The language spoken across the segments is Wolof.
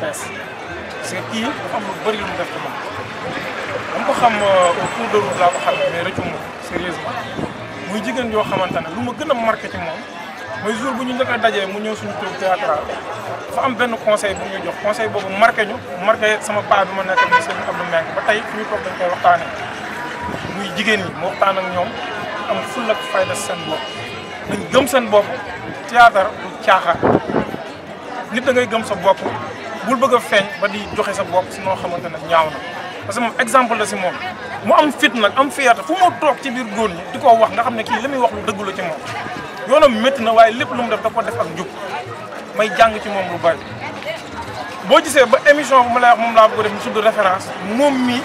fees parce que kii dafa am lu bëri lu def ci man dama ko xam euh, au cours de route laa ko xam mais rëccu ma sérieusement muy jigéen yoo xamante ne lu ma gën a marqué ci moom mooy jour bu ñu njëkk a dajee mu ñëw suñu tour théâtral dafa am benn conseil bu ñu jox conseil boobu marke ñu marqué sama paa bi ma nekk seen sëñ Abdou Mbengue ba tey fi ñu toog dañ koy muy jigéen ñi mu waxtaan ak ñoom am fulla ak fayda seen bopp dañ gëm seen bopp théâtre du caaxaan nit da ngay gëm sa bopp bul bëgg a feeñ ba di joxe sa bopp si noo xamante ne ñaaw na parce que moom exemple la si moom mu am fit nag am fierté fu mu toog ci biir góor ñi di ko wax nga xam ne kii li muy wax lu dëgg la ci moom yoonam métti na waaye lépp lu mu def da ko def ak njub may jàng ci moom lu bari boo gisee ba émission ma lay moom laa bëgg def mu tudd référence moom mi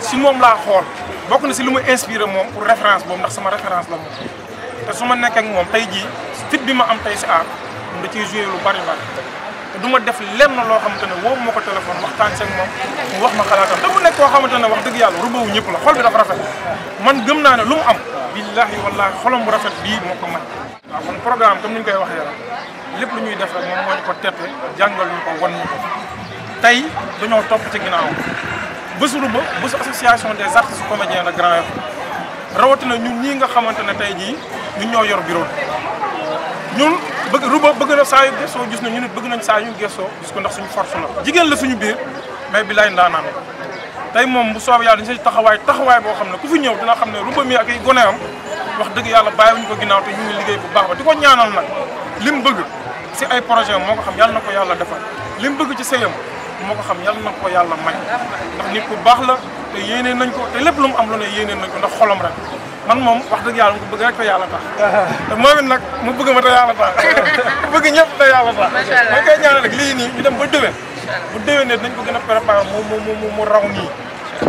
si moom laa xool bokk na si lu ma inspiré moom pour référence boobu ndax sama référence la moom te su ma nekk moom tey jii fit bi ma am tey si aar da ciy joué lu bari bari du ma def lenn loo xamante ne woo ma ko téléphone waxtaan seeg moom mu wax ma xalaatam te mu nekk koo xamante ne wax dëgg yàlla ruboowu ñëpp la xol bi dafa rafet man gëm naa ne lu mu am billahi wallahi xolam bu rafet bii moo ko man waaw kon ñu koy waxee rek lépp lu ñuy def rek moom moo ñu ko tette jàngal ñu ko wan ko tey dañoo topp ci ginnaaw bésu Rouba bésu association des artistes comédiens de Grand Yoff rawatina ñu ñii nga xamante ne tey jii ñun ñoo yor bureau bëgg ruba bëgg na saa yu gëstoo gis na ñu nit bëgg nañ saa yu gëstoo gis ko ndax suñu force la jigéen la suñu biir mais bi laay ndaanaan tey moom bu soob yàlla dañ sa taxawaay taxawaay boo xam ne ku fi ñëw dina xam ne ruba mi ak ay gone am wax dëgg yàlla bàyyiwuñu ko ginnaaw te ñu ngi liggéey bu baax ba di ko ñaanal nag li mu bëgg si ay projet moo ko xam yàlla na ko yàlla defal li mu bëgg ci sëyam moo ko xam yàlla na ko yàlla may ndax nit ku baax la te yéenee nañ ko te lépp lu mu am lu ne yéenee nañ ko ndax xolam rek man moom wax dëgg yàlla mu bëgg rek te yàlla tax te moom bëgg ma te yàlla tax bëgg ñëpp te yàlla tax ma koy ñaanal rek lii nii nañ ko gën a préparé mu mu raw nii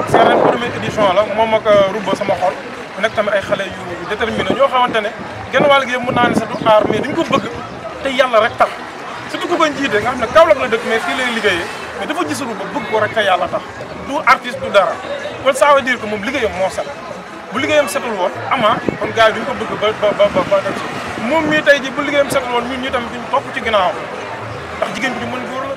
c'est ren première la moom ak euh, Rouba sama xol nekk tamit ay xale yu déterminé ñoo xamante ne genn wàll gi yëpp mën naa ne sa du aar mais dañ ko bëgg te yàlla rek tax surtout ku ko jiite nga xam ne Kaolack la dëkk mais fii lay liggéeyee mais dafa gisul ba bëgg ko rek te yàlla tax du artiste du dara kon ça veut dire moom liggéeyam moo set bu liggéeyam setul woon ama kon gars yi duñ ko bëgg ba ba ba ba moom mii tey ji bu liggéeyam setul woon ñun ñu tamit duñ topp ci ginnaaw ndax jigéen bi di mën góor